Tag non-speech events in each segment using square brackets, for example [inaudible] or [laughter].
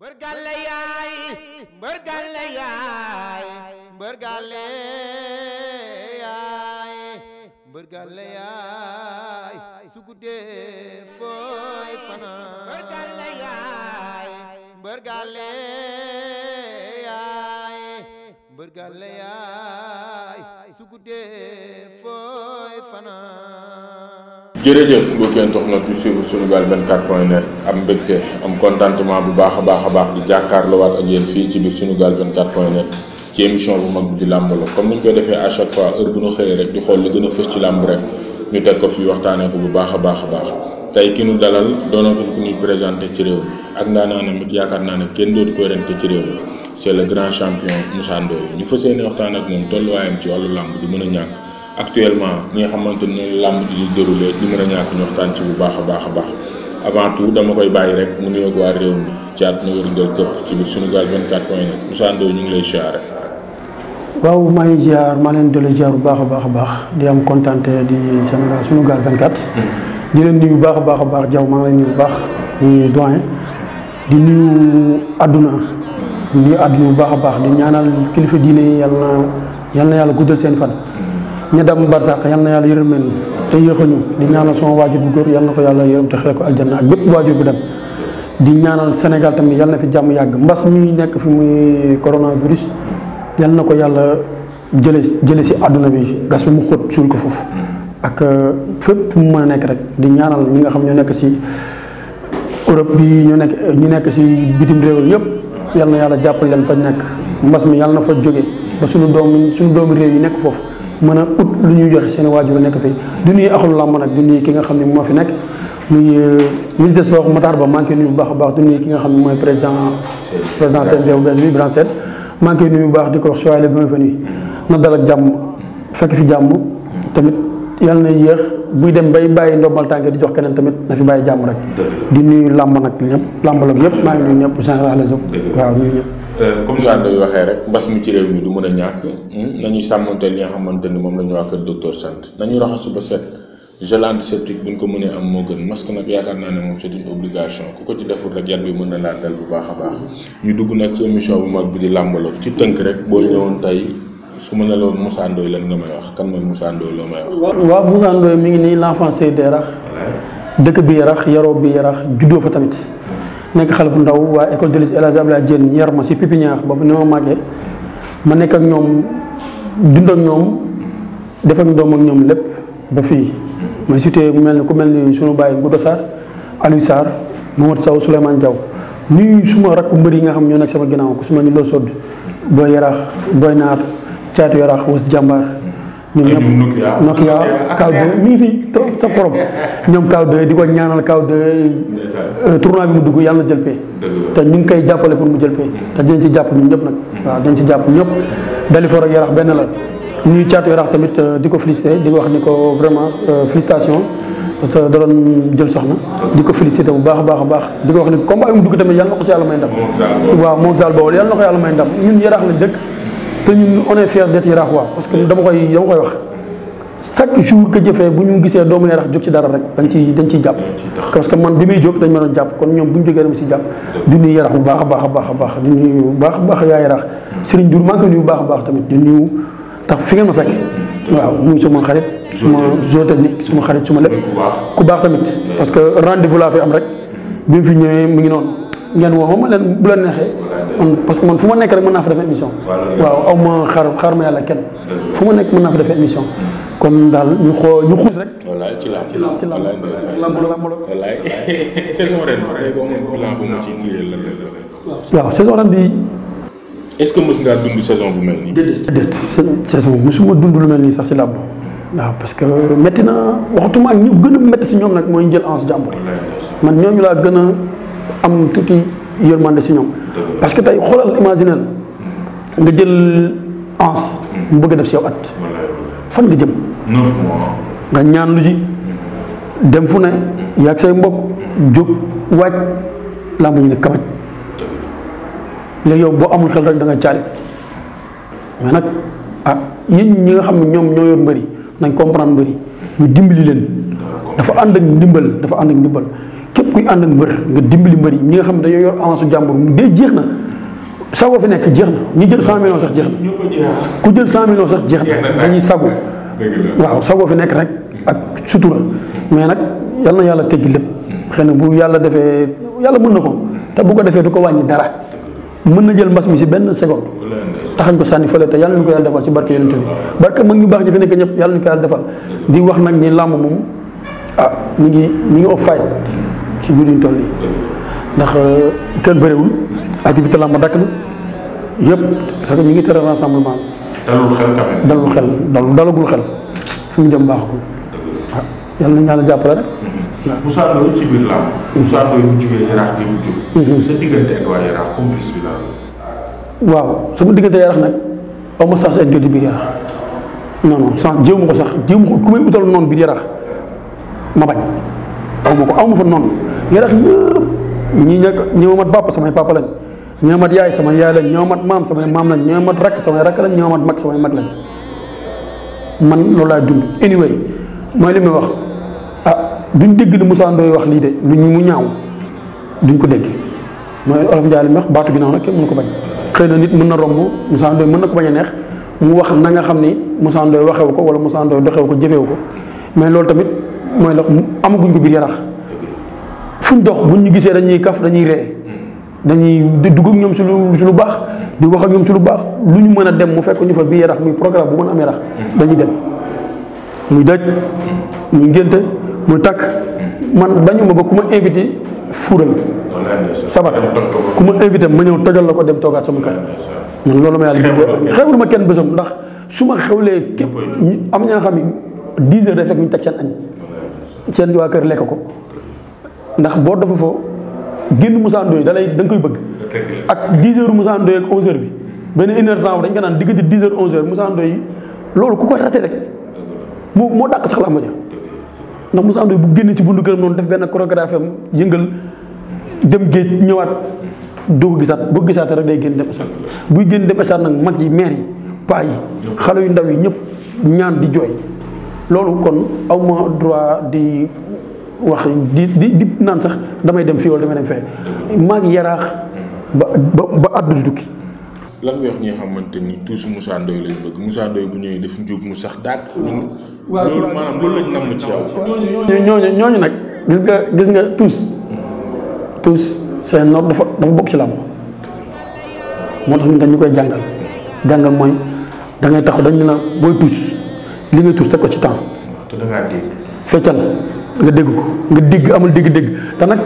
mbër gàlle yaay mbër gàlle yaay mbër gàlle yaay mbër gàlle fooy fanaan mbër gàlle yaay mbër gàlle yaay mbër gàlle yaay jërëjëf mbokki internet yu suivre Sunugal 24 point net am mbégte am contentement bu baax a baax a baax di jàkkaarloowaat ak yéen fii ci biir Sunugal 24 point net ci émission bu mag bi di làmb la comme ni ñu koy defee à chaque fois heure bu ñu xëyee rek di xool li gën a fës ci làmb rek ñu teg ko fii waxtaanee ko bu baax a baax a baax tey ki nu dalal doonatul ku ñuy présenté ci réew mi ak ndaanaanam it yaakaar naa ne kenn dootu koy rente ci réew mi c'est le grand champion ñu fas yéene waxtaan ak moom tolluwaayam ci wàllu làmb du mën a ñàkk. actuellement ñi nga xamante làmb di déroulé di mën a ñàkk ñu waxtaan ci bu baax a baax a baax avant tout dama koy bàyyi rek mu nuyoog waa réew mi ci àdduna wërngal këpp ci biir Sunugal 24 point net Moussa Ndoye ñu ngi lay siyaare. waaw maa ngi ziar maa leen di bu baax a baax a baax di am kontaan di Sénégal Sunugal 24. Mm-hmm. di leen nuyu bu baax a baax a baax jaw maa ngi lay bu baax di doyen di nuyu àdduna di nuyu àdduna bu baax a baax di ñaanal kilifa diine yàlla na yàlla na yàlla guddal seen fan. ñu dem barsàq yal na yàlla yërëm leen te yéexuñu di ñaanal sama waajur bu góor yal na ko yàlla yërëm te xëy ko aljanna ak bépp waajur bu dem di ñaanal Sénégal tamit yal na fi jàmm yàgg mbas mi nekk fi muy coronavirus yal na ko yàlla jële jële si àdduna bi gas bi mu xóot suul ko foofu ak euh, fépp fu mu nekk rek di ñaanal ñi nga xam ñoo nekk si Europe bi ñu nekk ñu nekk si bitim réew yëpp yal na yàlla jàppal leen fa nekk mbas mi yal na fa jóge ba suñu doom suñu doomi réew yi nekk foofu mën a ut lu ñuy joxe seen waajur nekk fi du nuyu axul làmb nag du nii ki nga xam ne moo fi nekk mu euh, ministre des sports Matar Ba maa ngi koy nuyu bu baax a baax du nuyu ki nga xam ne mooy président président CNG bu bees bi Birane Sène bu baax di ko wax soyale bienvenue na dal ak jàmm fekk fi jàmm tamit yàlla na yéex buy dem bay bàyyi ndombal tànk di jox keneen tamit na fi bàyyi jàmm rek di nuyu làmb nag ñëpp làmb la yëpp maa ngi nuyu ñëpp général les waaw nuyu ñëpp Euh, comme Jean Ndoye waxee rek mbas mi ci réew mi du mën a ñàkk hmm? nañuy sàmmante ni moom la ñu waa kër docteur sant nañu raxasu ba set gel antiseptique bu ñu moo gën masque nag yaakaar naa ne moom c'est une obligation ku ko ci deful rek yat bi mën na laa dal bu baax a baax ñu dugg nag ci émission bu mag bi di làmbaloo ci tënk rek boo ñëwoon tey su ma ne la woon Moussa Ndoye lan nga may wax kan mooy Moussa Ndoye loo may wax. waaw Moussa Ndoye mi ngi nii l'enfant de Yarax dëkk bi Yarax yaroo bi Yarax juddoo fa tamit. nekk xale bu ndaw waa école de l' Hadj Abdoulaye Diène yar ma si pépinière ba ni ma màggee ma nekk ak ñoom dund ak ñoom def ak doom ak ñoom lépp ba fii. ma cité mu mel ni ku mel ni sunu bàyyi Gouda Sarr Aliou Sarr Mamadou Sow Souleymane Diaw nuyu suma rakk mbër yi nga xam ñoo nekk sama ginnaaw ku su ma ñu loo sodd booy yaraax booy naar caatu yaraax was jàmbaar. ñun ñëpp Nokia Kaw 2 mi ngi fi trop sa xorom [laughs] ñoom Kaw 2 di ko ñaanal Kaw 2 euh, tournoi bi mu dugg yàlla jël pay te ñu ngi koy jàppale pour mu jël pay mm-hmm. te dinañ ci jàpp ñun ñëpp nag mm-hmm. waaw dinañ ci jàpp ñëpp Dalifort ak Yarax benn la ñuy caatu Yarax tamit euh, di ko félicité di ko wax ni ko vraiment euh, félicitation parce que da doon jël soxna di ko félicité bu baax a baax baax di ko wax ni combat bi mu dugg tamit yàlla na ko ci yàlla may ndam waaw moom Zal Bawol yàlla na ko yàlla may ndam ñun yaraax lañ dëkk te ñun on est fiers d'être yaraaxuwaa parce que dama koy wax chaque jour que jëfee bu ñu gisee doomu yaraax jóg ci dara rek dañ ciy dañ ciy jàpp. parce que man bi muy jóg dañ ma doon jàpp kon ñoom bu ñu jógee dama si jàpp. di nuyu yaraax bu baax a baax a baax a baax di nuyu bu baax a baax yaa yaraax Serigne Diour maa ngi koy bu baax a baax tamit di nuyu tax fi ngeen ma fekk. waaw muy suma xarit suma zoo technique suma xarit suma lépp ku baax tamit parce que rendez-vous laa fi am rek bi mu fi ñëwee ngi noonu ngeen woo ma leen bu leen neexee parce que man fu ma nekk rek mën naa fa def émission waaw aw ma xaar xaar ma yàlla kenn fu ma nekk mën naa fa def émission kon daal ñu xoo ñu xuus rek. wallaay ci lamb ci lamb wallaay wallaay saison ren tey boo amoon bilan bu la. bi. est-ce que mos ngaa dund saison bu mel nii. déedéet déedéet saison mosuma dund lu sax si làmb waaw parce que métti na waxtuma ak ñu gën a si ñoom nag mooy njël ans jàmbur man ñooñu laa gën am tuuti yërmande si ñoom. parce que tey xoolal imaginel nga jël ans mu bëgg a def si yow at. fan nga jëm. nga ñaan lu ji dem fu ne yaag say mbokk jóg waaj laa ma ñu ne kamaj léegi yow boo amul xel rek da nga caali mais nag ah yéen ñi nga xam ñoom ñoo yor mbëri nañ comprendre mbëri ñu dimbali leen dafa ànd ak ndimbal dafa ànd ak ndimbal képp kuy ànd ak mbër nga dimbali mbër yi ñi nga xam ne dañoo yor avance su jàmbur day jeex na sago fi nekk jeex na ñu jël 100 millions sax jeex na ku jël 100 millions sax jeex na dañuy sago waaw sago fi nekk rek ak sutura mais nag yal na yàlla teggi lépp xëy na bu yàlla defee yàlla mun na ko te bu ko defee du ko wàññi dara mën na jël mbas mi si benn seconde taxañ ko sànni fële te yàlla ñu ko yàlla defal si barke yonent bi barke mag ñu baax ñi ñu wax nag ni làmb moom ah ñu ngi ñu ngi off fight ci guddi ñu toll nii ndax euh, kenn bëriwul activité la ma dakk na yëpp parce que ñu ngi tere rassemblement dalul xel dalul xel dalul dalagul xel fi mu jëm baaxul ah yàlla mu hmm. jógee yaraax mu hmm. sa diggante ak waa bi la. biir yaraax non non sens ma ko sax jéem ma ko ku may utal noonu biir yaraax ma bañ aw ko aw fa noonu. ñi tax ñëpp ñi ñëkk ñoo mat papa samay papa lañ ñoo mat yaay samay yaay lañ ñoo mat maam samay maam lañ ñoo mat rakk samay rakk lañ ñoo mat mag samay mag man loolu laa dund anyway mooy li muy wax ah duñ dégg li Moussa Ndoye wax lii de ñu mu ñaaw duñ ko dégg mooy olof Ndiaye li mu wax baatu ginnaaw nag kenn mënu ko bañ xëy na nit mën na romb Moussa Ndoye mën na ko bañ a neex mu wax na nga xam ni Moussa Ndoye waxewu ko wala Moussa Ndoye doxewu ko jëfewu ko mais loolu tamit mooy la amaguñ ko biir yarax fuñ dox buñ ñu gisee dañuy kaf dañuy ree dañuy dugg ak ñoom si lu baax di wax ak ñoom si lu baax lu ñu mën a dem mu fekk ñu fa bii yarax muy programme bu mën a amee rax dañuy dem muy daj muy ngénte muy takk man bañu ma ba ku ma invité fuural sabat ku ma invité ma ñëw tojal la ko dem toogaat sama kër man loolu ma yàlla di xewul ma kenn bésam ndax su ma xewlee képp am ñaa xam ni dix heures day fekk ñu teg seen añ seen waa kër lekk ko ndax boo dafa foo génn Moussa Ndoye da lay da koy bëgg. ak 10 heures Moussa Ndoye ak 11 bi benn une heure temps dañ naan diggante 10 heures 11 heures Moussa Ndoye loolu ku koy raté rek moo moo dàq sax la am ndax Moussa Ndoye bu génn ci buntu këram noonu def benn chorégraphie am yëngal dem géej ñëwaat doo ko gisaat boo gisaatee rek day génn dem stade buy génn dem stade nag mag yi maire yi paa yi xale yu ndaw yi ñëpp ñaan di jooy loolu kon aw droit di. wax di di di naan sax damay dem fii wala damay dem fee yaraax ba ba ba àdduna dukki. lan nga wax ñi nga xamante ni toujours musaa Ndoye lañ bëgg Moussa Ndoye bu dàq. waaw loolu maanaam loolu lañ ñooñu ñooñu nag gis nga gis nga tous tous seen nopp dafa dafa bokk ci làmb moo tax ñun dañ ñu koy jàngal jàngal mooy da ngay taxaw dañ ne la booy tuus li ngay tuus teg ko ci temps. te da nga dégg ko nga dégg amul dégg-dégg te nag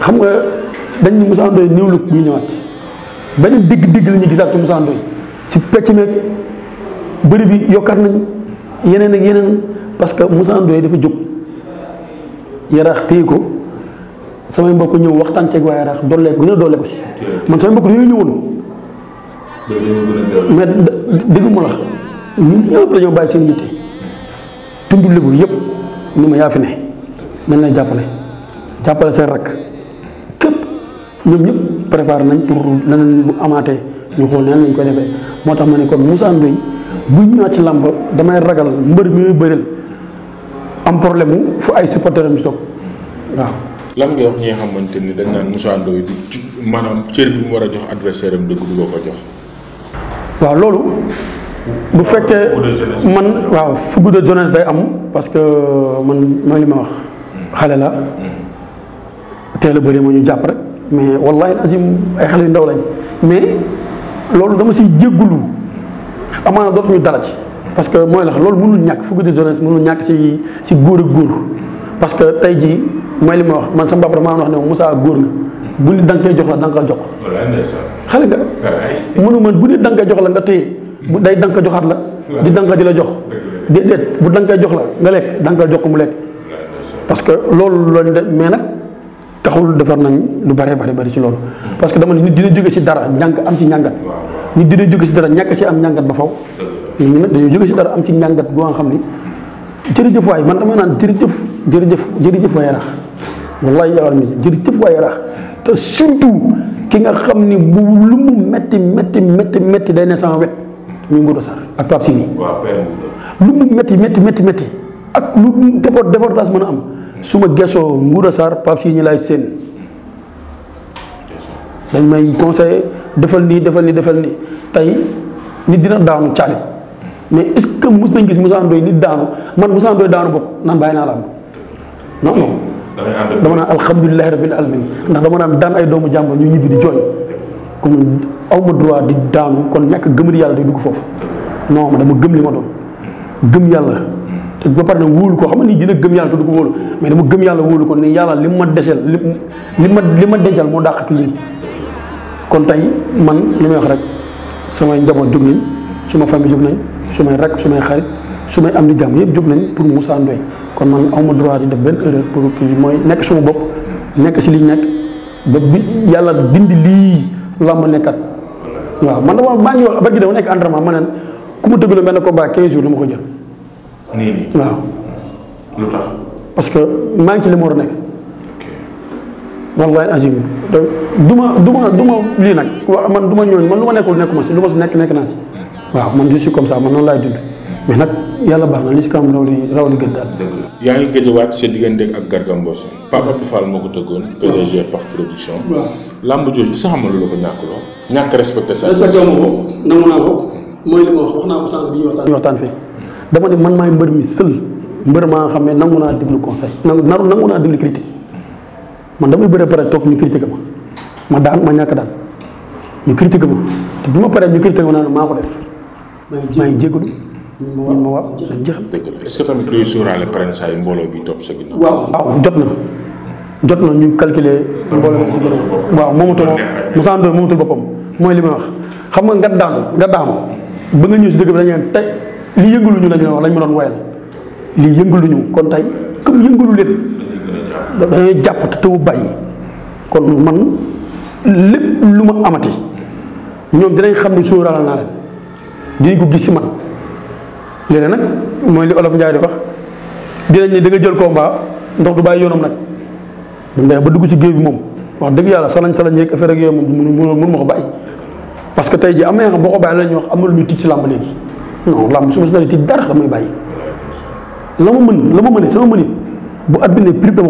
xam nga dañ ñu Moussa Ndoye néew ñu ñëwaat benn dégg-dégg la ñuy gisaat ci Moussa Ndoye si pecc meeg bëri bi yokkat nañ yeneen ak yeneen parce que Moussa Ndoye dafa jóg yaraax téye ko samay mbokk ñëw waxtaan ceeg waa yaraax dolle gën a ko si man samay mbokk dañoo ñëwoon mais dégg ma la ñun ñëpp dañoo bàyyi seen yitte tund lébu yëpp ni ma yaa fi ne nañ la jàppale jàppale seen rakk képp ñoom ñëpp préparé nañ pour leneen bu amaatee ñu xool neen lañ koy defee moo tax ma ne kon Moussa Ndoye bu ñëwaat ci làmb damay ragal mbër mi muy bëril am problème mu fu ay supporter am ci toog lam lan nga wax ñi nga xamante ni dañ naan Moussa Ndoye du ci maanaam cër bi mu war a jox adversaire am dëgg ko jox. waaw loolu. bu fekkee man waaw football de jeunesse day am parce que euh, man mooy li ma wax hmm. xale la hmm. teel a bëri moo ñu jàpp rek mais wallahi azim ay xale yu ndaw lañ mais loolu dama siy jéggulu amaana dootuñu dara ci parce que mooy la loolu mënul ñàkk football de jeunesse mënul ñàkk ci góor ak góor parce que tey jii mooy li ma wax man sama papa maa wax ne Moussa góor nga bu nit da koy jox la da jox xale nga mënu man bu nit da jox la nga téye bu day danka joxaat la di danka di la jox déedéet bu dankay jox la nga lekk dankal jox ko mu lekk parce que loolu lañ de mais nag taxul defar nañ lu bare bare bari ci loolu hmm. parce que dama ne nit dina jóge si dara ñànk am ci ñàngat nit dina jóge si dara ñàkk si am ñàngat ba faw ñu jóge si dara am si ñàngat goo nga xam ni jërëjëf waay man dama naan jërëjëf jërëjëf jërëjëf waay yaraax wallaay yàlla mi jërëjëf waay yaraax te surtout ki nga xam ni bu lu mu metti metti metti metti day ne sama wet muy Ngouda Sarr ak Pape Sini. waaw lu mu métti métti métti métti ak lu déport déportage mën a am su ma gesoo Ngouda Sarr Pape Sini laay seen dañ may conseillé defal nii defal nii defal nii tey nit dina daanu caalit mais est-ce que mos nañ gis Moussa Ndoye nit daanu man Moussa Ndoye daanu bopp naan bàyyi naa la am non non. dama naan alhamdulilahi rabbil alamin ndax dama naan daan ay doomu jàmbur ñu ñibbi di jooy. comme aw ma droit di daanu kon ñàkk gëm yàlla day dugg foofu non ma dama gëm li ma doon gëm yàlla te ba pare nag wóolu ko xam ni dina gëm yàlla te du mais dama gëm yàlla wóolu ko ni yàlla li ma desel li ma li ma dencal moo dàq ci kon tey man li wax rek samay njaboot jóg su ma famille jóg nañ su may rakk su may su may am di jàmm yëpp jóg nañ pour Moussa Ndoye kon man aw ma droit di def benn erreur pour kii mooy nekk suma bopp nekk si liñ nekk ba bi yàlla dindi lii làmb nekkat waaw man dama maa ngi wax ba gi dama nekk entraînement ma neen ku mu tëggaloo benn combat 15 jours du ma ko jël. nii que maa ngi ci li mu war a nekk. wallaay azim du ma du ma du man du ma ñooñ man lu ma nekk nekk naa si waaw man je suis comme ça man noonu laay baax na li si kanam raw li yaa ngi gëj a wàcc sa diggante ak Garga Mbossé Pape Abdou moo ko tëggoon. PDG Paf Production. làmb jooju sax xam nga loolu ko sa. respecté wu ma ko nangu naa ko mooy dama ne man maay mbër mi sël mbër maa nga xam ne nangu naa déglu conseil nangu nangu naa déglu critique man damay bëre pare toog ñu critique ma ma daan ñàkk daan ñu critique ma ma paree ñu critique ma naan maa ko def maa ngi jégalu ñu ma wax jeexal. saa yi mbooloo bi topp sa ginnaaw. waaw jot na. jot na ñu calculer. mbooloo mi ci gën waaw moomatul Moussa Ndoye moomatul boppam mooy li may wax. xam nga nga daanu nga daanu ba nga ñëw si dëkk bi dañu leen tey li wax lañ ma doon woyal li yëngaluñu kon tey comme yëngalu leen dañuy jàpp te tawu bàyyi kon man lépp lu ma amati ñoom dinañ xam ne sóoraale naa leen dinañ ko gis si man léegi nag mooy li olof Njaay di wax dinañ ne danga jël combat ndox du bàyyi yoonam nag bu ñu ba dugg ci géej bi moom wax dëgg yàlla salañ salañ yeeg affaire ak yooyu moom mënu ma ko bàyyi parce que tey jii am na yoo xam boo ko bàyyi la ñuy wax am na lu ñuy tiit ci làmb léegi non làmb su ma si dalee tiit dara damay sama mënit bu at bi ne prix def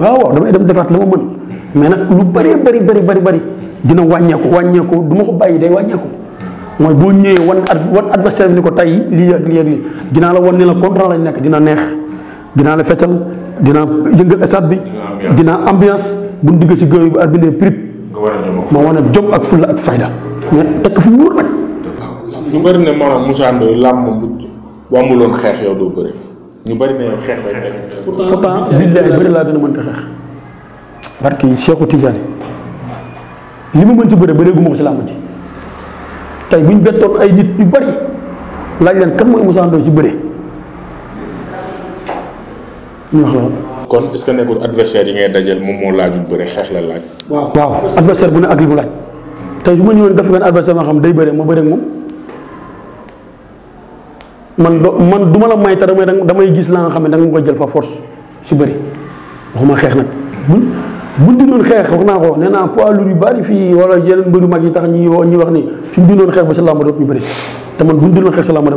waaw waaw damay dem mais nag lu bëree bëri bëri bëri bëri dina wàññeeku wàññeeku du bàyyi day wàññeeku mooy boo ñëwee wan ad wan adversaire bi ni ko tey lii ak dinaa la wan la contrat lañ nekk dina neex dinaa la feccal dina yëngal stade bi. dina ambiance bu ñu duggee ci góor yi bu arbitre prip. ma wane jom ak fulla ak fayda. mais takk fu wóor nag. ñu bëri ne maanaam Moussa Ndoye làmb bu bu amuloon xeex yow doo bëri ñu bëri ne yow xeex lañ def. pourtant billahi bëri laa gën li ma mën ci bëre bëreegu ma ko ci làmb ji tey bu bettoon ay nit yu bëri laaj leen kan mooy Moussa Ndoye ci bëre. Mhm. kon est-ce que nekkul adversaire yi ngay dajal moom moo laajul bëre xeex la laaj. waaw adversaire bu ne ak li mu laaj tey bu ma ñëwoon dafa benn adversaire ma xam day bëre ma bëre ak moom man do man du ma la may te damay damay gis la nga xam ne danga ma ko jël fa force si bëri waxuma xeex nag. bu dinoon xeex wax naa ko nee naa poids lourd yu bari fii wala yeneen mbëru mag yi tax ñi ñuy wax ni suñ dinoon xeex ba sa bu dootuñu bëri te man buñ dinoon xeex sa làmb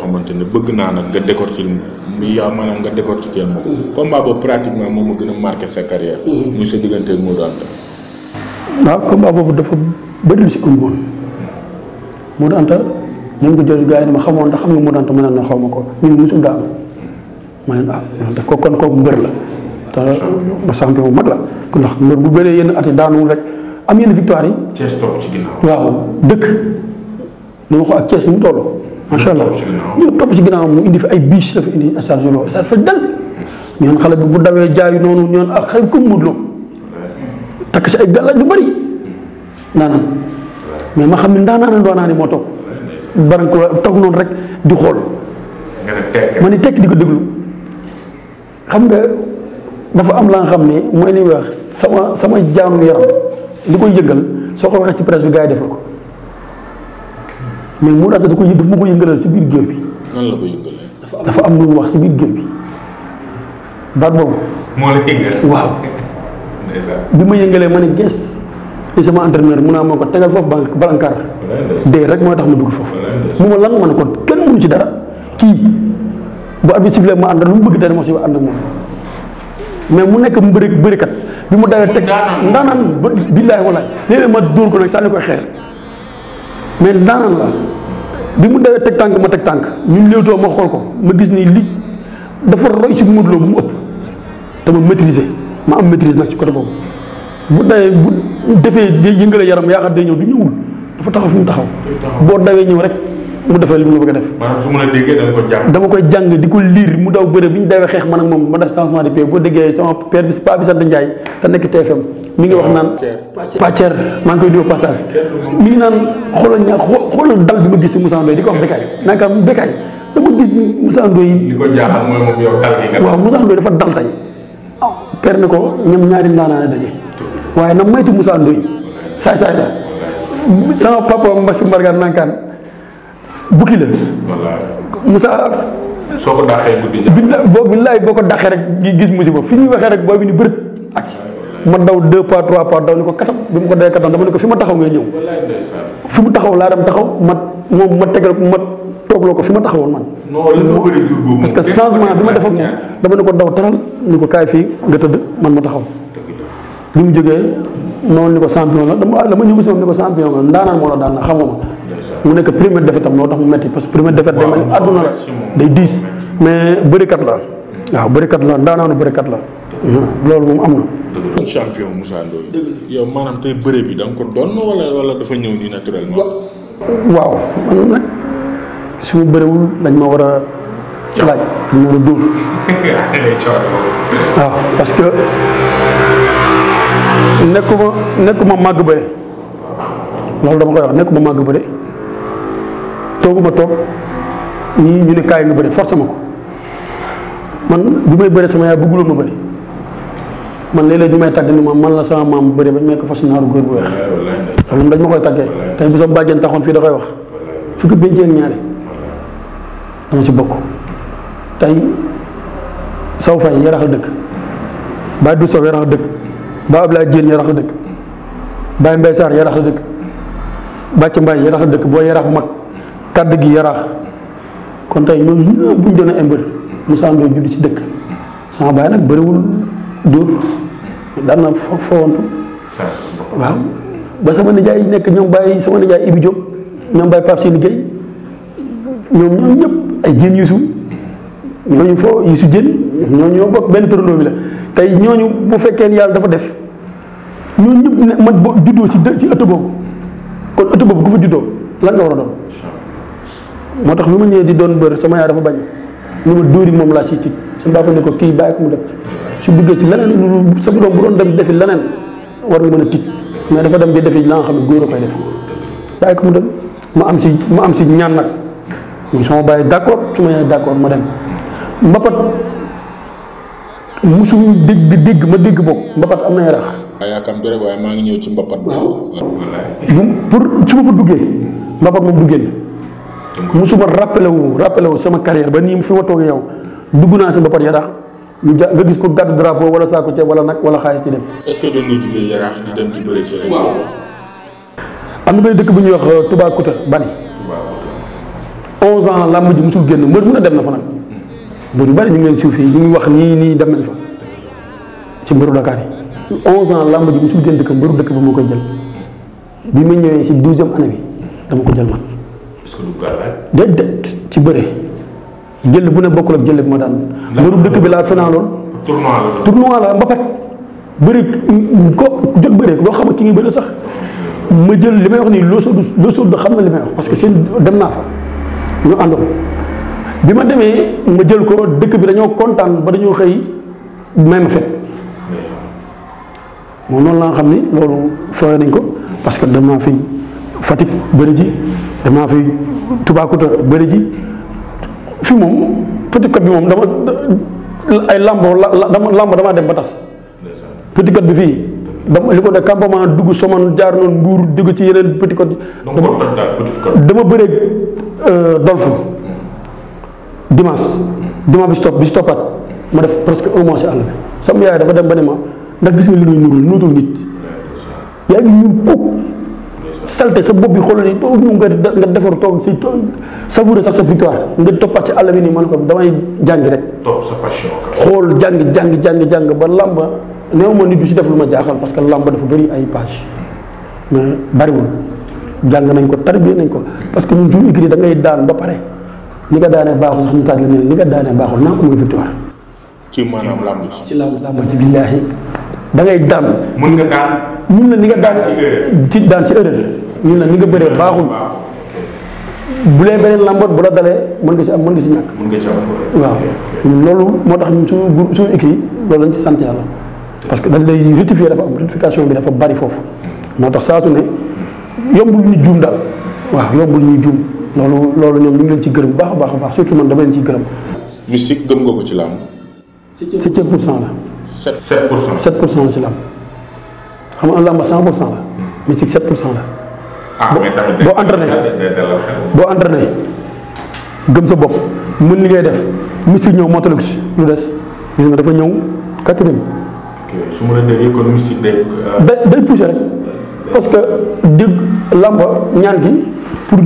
xamante ne bëgg naa nag nga décortiquer mi yaa maanaam nga décortiquer ma ko. combat boobu pratiquement moom moo gën a marqué sa carrière. Mm-hmm. muy sa diggante ak boobu dafa bëri lu si ëmb woon Modou Anta ñu ko jël gars yi dama xamoon ndax xam nga Modou Anta ma ne na xaw ma ko ñun mosul daa am ma ne ah kon kooku mbër la. te ba champion bu mag la ndax bu bëree yenn at yi rek am yenn victoire yi. waaw dëkk. ñu wax ko ak Thiès mu toll. macha allah ci ginnaaw mu indi fi ay biche dafa indi station bi station fa dal. ñoon xale bi dawee jaayu noonu ñoon ak xëy ku mu mën takk si ay gàllaaj lu bëri naanaan mais ma xam ne ndaanaan doonaa ni moo toog baran ko toog noonu rek di xool ma ni tekk di ko déglu xam nga dafa am la xam ne mooy li wax sama sama jaamu yaram li koy yëngal soo ko waxee ci presse bi gars yi def la ko mais mu daata da ko daf ma ko yëngalal ci biir géew bi nan dafa am lu mu wax si biir géew bi baat boobu waaw bi ma yëngalee ma ne gees li sama entraîneur mun naa moo ko tegal foofu bank balankaar dee rek moo tax ma dugg foofu mu ma lan ma ne kon kenn mënu ci dara kii bu arbitre sifflé ma àndal lu mu bëgg dara ma si ànd moom mais mu nekk mbëri bërikat bi mu dawee teg ndaanaan ba billaahi walaay léeg ma dóor ko nag sànni koy xeer mais ndaanaan la bi mu dawee teg tànk ma teg tànk ñu léewtoo ma xool ko ma gis nii li dafa roy ci Modou Lo mu ëpp te ma maîtriser ma am maîtrise nag ci côté boobu bu dawee bu defee yëngale yaram yaakaar day ñëw du ñëwul dafa taxaw fu mu taxaw boo dawee ñëw rek mu defal li mu bëgg a def. dama koy jàng di ko liir mu daw bëre bi ñu dawee xeex ma ak moom ma def changement de pied boo déggee sama père bi paa bi sant te mi ngi wax naan. Pàcceer maa ngi koy nuyu passage. mi ngi naan xoolal ña xoolal dal ma gis si Moussa Ndoye di ko wax Bécaye naan ka Bécaye dama gis Moussa Ndoye. li ko jaaxal mooy moom yow dal gi nga. waaw Moussa Ndoye dafa dal tey. na moytu Moussa Ndoye saay saay la sama papa Mbassi Mbargane nankaan bukki la. Moussa. soo ko dàqee guddi. boo billaay boo ko dàqee rek gis musiba fi ñuy waxee rek booy bi ni bërët ak ma daw deux pas trois pas daw ni ko katam bi mu ko dee katam ne ko fi ma taxaw ngay ñëw. fi mu taxaw laa taxaw ma moom ma tegal ma toogloo ko fi ma taxawoon man. parce que changement bi ma def ak dama ne ko daw taral ni ko kaay fii nga tëdd man ma taxaw. bi mu jógee noonu ni ko champion la dama dama ñëw si moom ni ko champion la ndaanaan moo la daan na xamoo ma mu nekk première défaite am moo tax mu métti parce que première défaite day mel ni la day diis mais bërikat la waaw bërikat la daanaanu bërikat la hmm, loolu moom am na. yow maanaam tey bëre bi da nga ko wala wala dafa su ma bëriwul dañ ma war a laaj dañ ma war [laughs] waaw parce que nekkuma nekkuma màgg bëre loolu dama koy wax nekkuma màgg bëre. tooguma toog ñii ñu ne kaay nga bëri ma ko man bi may bëri sama yaay bëgguloon ma bëri man léeg-léeg ñu ni ma man la sama maam bëri bañ may ko fas naaru góor bu weex loolu dañ ma koy tàggee tey bu sama bàjjen taxoon fii da koy wax fukki bénceen ñaari dama ci bokk tey saw fay yarax dëkk bàyyi du saw yarax dëkk bàyyi Ablaye Diène yarax dëkk bàyyi Mbaye Sarr yarax dëkk bàcc Mbaye yarax dëkk boo yarax bu mag kàdd gi yaraax kon tey ñoom ñëpp bu ñu doon ay mbër Moussa Ndoye judd ci dëkk sama baay nag bëriwul dóor daan na fo fowantu waaw ba sama nijaay nekk ñoom bàyyi sama nijaay Ibi Diop ñoom bàyyi Pape Sène Gueye ñoom ñëpp ay jën yusu ñooñu foo yusu jën ñooñu ñoo bokk benn turandoo bi la tey ñooñu bu fekkee ni yàlla dafa def ñooñu ñëpp ne man boo juddoo ci ci ëtt boobu kon ëtt boobu ku fa juddoo lan nga war a doon moo tax bi ma ñëwee di doon bër sama yaay dafa bañ ñu ma dóori moom laa siy tuuti sama papa ne ko kii bàyyi ko mu def su duggee ci leneen sama doom bu doon dem defi leneen war nga mën a tiit mais dafa dem di defi la nga xam ne góor a koy def bàyyi ko mu dem ma am si ma am si ñaan nag ñu d' accord su ma yaay d' accord ma dem mbapat musu dégg dégg ma dégg boog mbapat am na yarax. waaw yaakaar naa waaye maa ngi ñëw ci mbapat. waaw pour su ma fa duggee mbapat moom duggee musuma rappelé wu rappelé wu sama carrière ba nii fi ma toog yow dugg naa si ba pare yaraax ñu ja nga gis ko gàddu drapeau wala saako ceeb wala nag wala xaalis ci dem. am na benn dëkk bu ñuy wax euh, Toubacouta Bani. Toubacouta. 11 ans làmb ji musul génn mbër mun a dem na fa nag. mbër yu bari ñu ngi leen siiw fii ñu ngi wax nii nii dem nañ fa ci mbëru Dakar yi 11 ans làmb ji musul génn dëkk mbëru dëkk ba moo koy jël bi ma ñëwee si 12e dama ko jël man. déedéet ci bëre jël bu ne bokkul ak jël bi ma daan mbëru dëkk bi laa finaaloon tournoi la mbapat bëri ko jot bëri doo xam ki ngi bëri sax ma jël li may wax nii loo sóodu loo sóodu xam na li may wax parce que seen dem naa fa ñu àndoon bi ma demee ma jël ko dëkk bi dañoo kontaan ba dañoo xëy may ma fet moom noonu laa xam ni loolu fooy nañ ko parce que dem naa fi Fatick bëri ji damaa fi Toubacouta bëri ji fi moom petit code bi moom dama ay lambo dama lambo damaa dem ba tas. petit code bi fii dama li ko def campement dugg soman jaar noonu Mbour dugg ci yeneen petit code. dama bëree euh, dolfu dimanche dimanche bi si bi si ma def presque un mois si àll bi sama yaay dafa dem ba ne ma ndax gis nga li ñuy nurul nuutul nit yaa ngi ñun kuk. salte sa bopp bi xoolal ni ñu nga nga defar toog si savouré sax sa victoire nga toppaat si àll bi nii man ko damay jàngi rek. topp xool jàng jàng jàng jàng ba làmba néew ma nit du si def lu ma jaaxal parce que làmba dafa bëri ay page mais bariwul jàng nañ ko tarbiye nañ ko parce que mu suñu écrit da ngay daan ba pare ni nga daanee baaxul sax ñu taaj la ne ni nga daanee baaxul naa ko mooy victoire. ci maanaam a ci làmb làmb billaahi da ngay daan. mën nga daan. mun na ni nga daan ci daan ci erreur ñun la ni nga bëree baaxul. bu lee beneen lamboot bu la dalee mën nga ci am mën nga ci ñàkk. waaw loolu moo tax ñun suñu groupe suñu équipe loolu lañ ci sant yàlla. parce que dañ lay rectifier dafa am rectification bi dafa bari foofu. moo tax saa su ne yombul ñu juum daal waaw yombul ñu juum loolu loolu ñoom ñu ngi leen ci gërëm bu baax a baax a baax surtout man dama leen ciy gërëm. mystique gëm nga ko ci làmb. 70 pour cent la. 7 pour cent 7 pour cent si la am xam nga làmb 100 pour cent la. Hmm. mystique 7 pour cent la. Ah, boo entraîné boo entraîné gëm sa bopp mën li ngay def mystique ñëw motalu si lu des gis nga dafa ñëw quatrième. ok su ma la euh, rek parce que dig làmb ñaan gi pour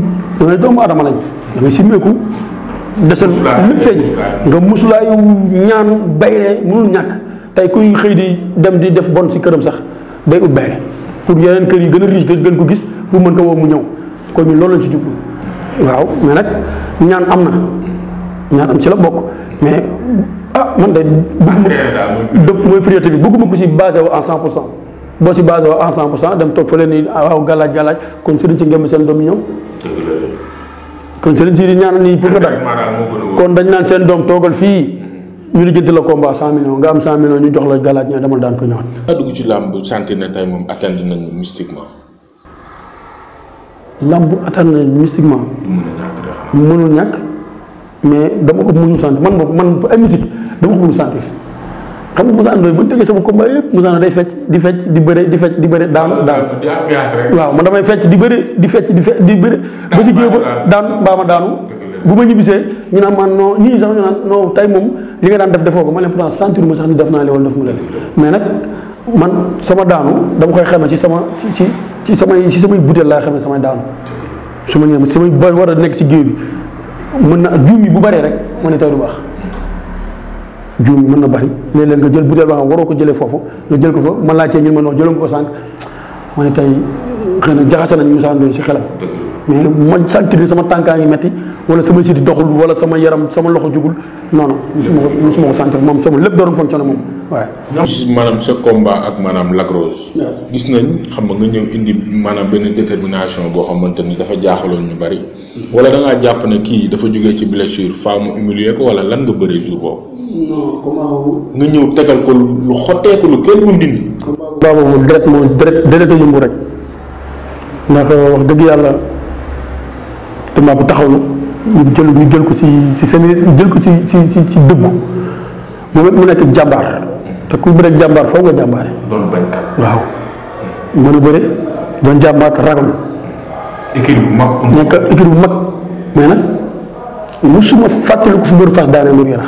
dangay doomu aadama lañ dangay simmeeku. desal lépp feeñ nga musulaayu ñaan bayre mënul ñàkk. tey kuy xëy di dem di def bon si këram sax day ut bayre pour yeneen kër yi gën a riche gën ko gis bu mën ko woo mu ñëw kon ñun loolu lañ ci jublu waaw mais nag ñaan am na ñaan am ci la bokk mais ah man de bëgguma mooy priorité bi bëgguma ko si basé wu en cent pour cent boo si basé wu en cent pour cent dem toog fële ni ah, waaw gàllaaj gàllaaj kon sëriñ si ngem seen doom ñëw kon sëriñ si di ñaan nii pour nga dal kon dañ naan seen doom toogal fii ñu lijjanti la combat 100 millions nga am 100 millions ñu jox la galaaj ñoo demal daan ko ñëwaat. daa dugg ci làmb santé na tey moom atteindre mais dama ko mënul sant man boog ko mënul sentir xam nga Moussa Ndoye bu ñu tegee sama combat yëpp Moussa Ndoye day fecc di fecc di bëre di fecc di bëre daanu daanu. waaw man damay fecc di bëre di fecc di di bëre. ba ci géew ba daanu mbaa ma daanu. bu ma ñibbisee ñu naan man naan non tey moom li nga daan def defoo ko ma ne pourtant sentir ma sax ni def naa li def mu leen mais nag man sama daanu dama koy xamee ci sama ci ci ci samay ci samay butéel laay xamee samay daanu su ma ñëwee samay ba war nekk ci géew bi mën na juum yi bu bëree rek ma ne baax juum yi na bëri léeg-léeg nga jël butéel ba xam waroo ko jëlee foofu nga jël ko fa ma laajtee ñu ma noo jëloo ko sànq ma ne tey xëy na jaxase nañ Moussa Ndoye ci xelam ma sentir sama tànkaa ngi metti wala sama siti doxul wala sama yaram sama loxo jugul non non musuma ko musuma ko sentir moom sama lépp doon fonctionné moom waaye. maanaam sa combat ak maanaam Lac Rose. gis nañ xam nga nga ñëw indi maanaam benn détermination boo xamante ni dafa jaaxaloon ñu bari. Mm-hmm. wala da ngaa jàpp ne kii dafa jógee ci blessure faa mu humilier ko wala lan nga bëree jour boobu. non comment. nga ñëw tegal ko lu xotteeku lu kenn mun dindi. combat boobu deret moo deret deret a yëngu rek ndax wax dëgg yàlla. département bu taxaw la ñu jël ñu jël ko ci ci seen jël ko ci si ci ci dëggu moom mu nekk jàmbaar te ku mu nekk jàmbaar foofu nga jàmbaare. waaw. mën a bëre doon jàmbaar te ragal. équipe bu mag. nekk équipe bu mag mais nag mosuma fàttaliku fu mbëru fas daanee mbëru yarax.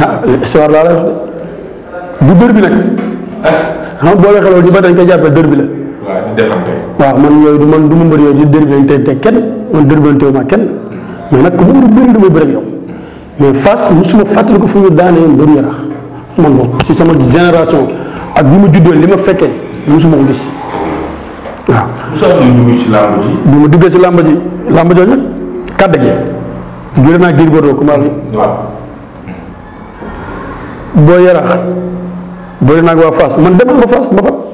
Ah, histoire laa lay wax bi nag. xam ah. nga ah, boo waxee loolu ñu ba dañ koy jàppee dër bi la. waa di man yooyu du man du ma mbër yooyu di déréglanté te kenn man déréglanté ma kenn mais nag ku mu bëri du ma bëri yow mais Fass mosuma fàttali ko fu ñu daanee mbëru Yaraax man moom ci sama génération ak bi ma juddoo li ma fekkee mosuma bu ma duggee ci làmb ji làmb jooju kàdd gi. gërëm naa Gris Bordeaux commencé. waaw. boo Yaraax man demal ba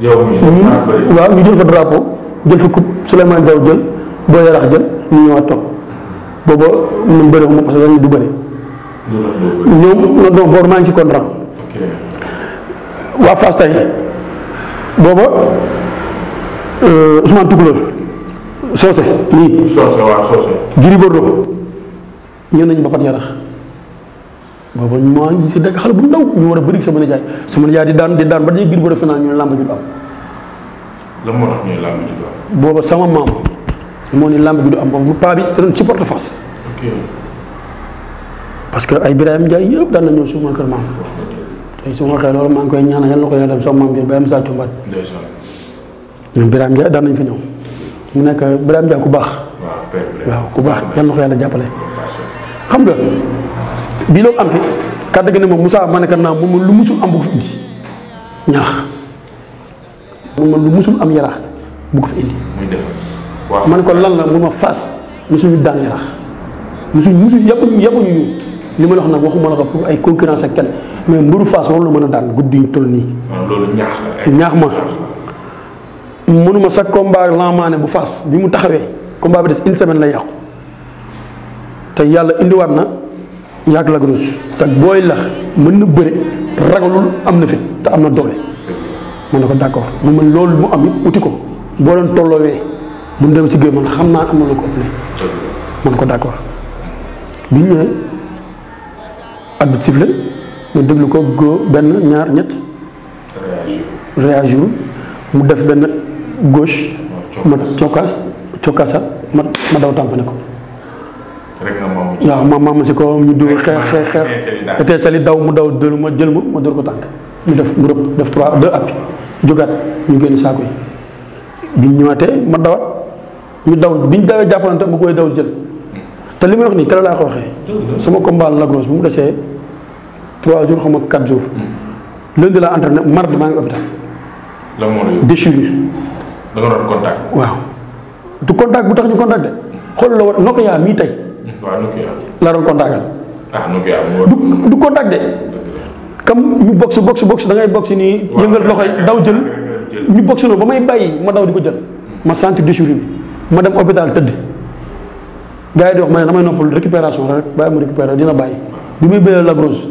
yow hmm. waaw ñu jël fa drapeau jël fa coupe Souleymane Diaw jël boo yarax jël ñu ñëwaat toog booba ñun bëri ma parce que du bëri. ñoom non non maa ngi ci contrat. waa Fass tey booba euh, Ousmane Toucouleur Socé lii. Socé waaw Socé. nañu ba yarax. booba ñu ma si dëkk xale bu ndaw ñu war a bëri sama nijaay sama nijaay di daan di daan ba day gir ba defe naa ñu ne ju du am. booba sama maam moo ne làmb ju du am boobu bu paa bi te doon supporte face. ok parce que ay Birame Ndiaye yëpp daan na ñëw suma kër maam. ma waxee loolu maa koy ñaanal yàlla na ko yàlla dem sama maam bi ba am saa cumbaat. ñoom Birame daan nañ fi ñëw. mu nekk Birame Ndiaye ku baax. waaw ku baax yàlla na ko yàlla jàppale. xam nga. bi loolu am kàddu gi ne ma Moussa ma naa mu lu musul am bu ñaax mu ma lu musul am yaraax bu ko fi indi. muy lan la mu ma faas musuñu daan yaraax musuñ musuñ yàppuñu yàppuñu ñu li ma la nag waxuma la ko pour ay concurrence ak kenn mais mburu faas waroon la mën a daan guddi ñu toll nii. Ah, loolu ñaax la ma. mënuma sa combat lamaane bu faas bi mu taxawee combat bi des une semaine lay yàqu te yàlla indiwaat na. ñaak Lac Rose te booy lax mën na bëre ragalul am na fit te am na doole ma ne ko d'accord mu mën loolu mu am it uti ko boo doon tolloowee bu ñu dem si géej xam naa am na lu ko ëppale ma ne ko d'accord bi ñu ñëwee arbitre mu ñu déglu ko go benn ñaar ñett réagir mu def benn gauche ma cokkaas cokkaasa ma ma daw tàmpane ko waaw ma maam si kawam ñu du xeex xeex xeex étincelle yi daw mu daw dul ma jël ma ma dóor ko tànk ñu def mu rëpp def trois deux appuis jógaat ñu génn saako yi bi ñu ñëwaatee ma dawat ñu daw bi ñu dawee jàppalante ma koy daw jël te li may wax ni teel laa ko waxee sama combat la grosse bu mu desee trois jours xam nga quatre jours lundi laa entraîné mardi maa ngi hôpital lan da nga doon contact bu tax ñu contact de xool la war noo ko yaa mii tey waaw la doon contact ah, du du contact de. comme ñu box box box da ngay nii. yëngal loxo daw jël. ñu box loolu ba may bàyyi ma daw di ko jël. ma sentir déchirure ma dem hôpital tëdd. gars yi di wax ma ne damay noppal récupération rek bàyyi ma récupérer dina bàyyi bi muy bëre la grosse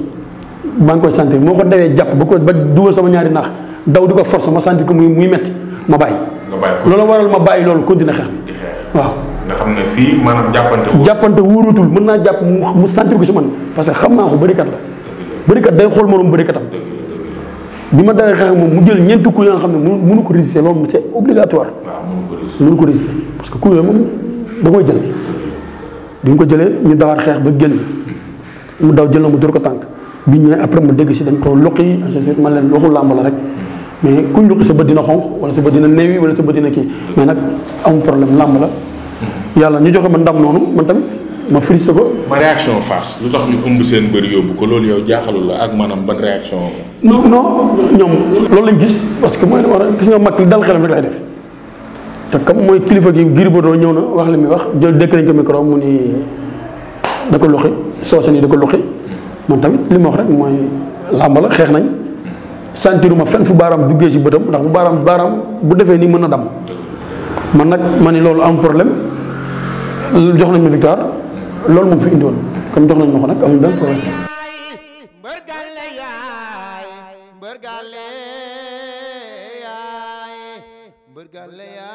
maa ngi koy sentir moo ko dewee jàpp ba ko ba dugal sama ñaari naax daw di ko force ma sentir ko muy muy metti ma bàyyi. loolu waral ma bàyyi loolu continuer xeex waaw. nga xam ne fii maanaam jàppante. jàppante mën naa jàpp mu sentir ko si man parce que xam naa ko bari kat la bërikat day xool moroom bërikatam bi ma dalee xeex moom mu jël ñeenti coups yoo xam ne mënu ko résister loolu c'est obligatoire. mënu ko résister parce que coups yooyu moom da jël. bi ko jëlee ñu dawaat xeex ba génn mu daw jël na mu dóor ko tànk bi ñu après mu dégg si dañ ko loqi yi man leen waxul làmb la rek mais kuñ loqi sa bët dina xonq wala sa bët dina néew yi wala sa bët dina kii mais nag amul problème làmb la. yàlla ñu joxe ma ndam noonu man tamit ma frisé ko. ma réaction face lu tax ñu ëmb seen mbër yóbbu ko loolu yow jaaxalul la ak maanaam ban réaction. non non ñoom loolu lañ gis parce que mooy war a def te comme mooy kilifa gi Gris Bordeaux ñëw na wax li muy wax jël dëkk nañ ko micro mu ko loxi soose nii da ko loxi wax rek mooy làmb la xeex nañ sentiruma fenn fu baaraam duggee ci bëtam ndax bu baaraam baaraam bu defee nii mën na dam man nag ma ni loolu am problème. jox nañ ma victoire loolu moom fi indiwoon comme jox nañ ma ko nag amul benn problème. mbër gàlle yaay mbër gàlle yaay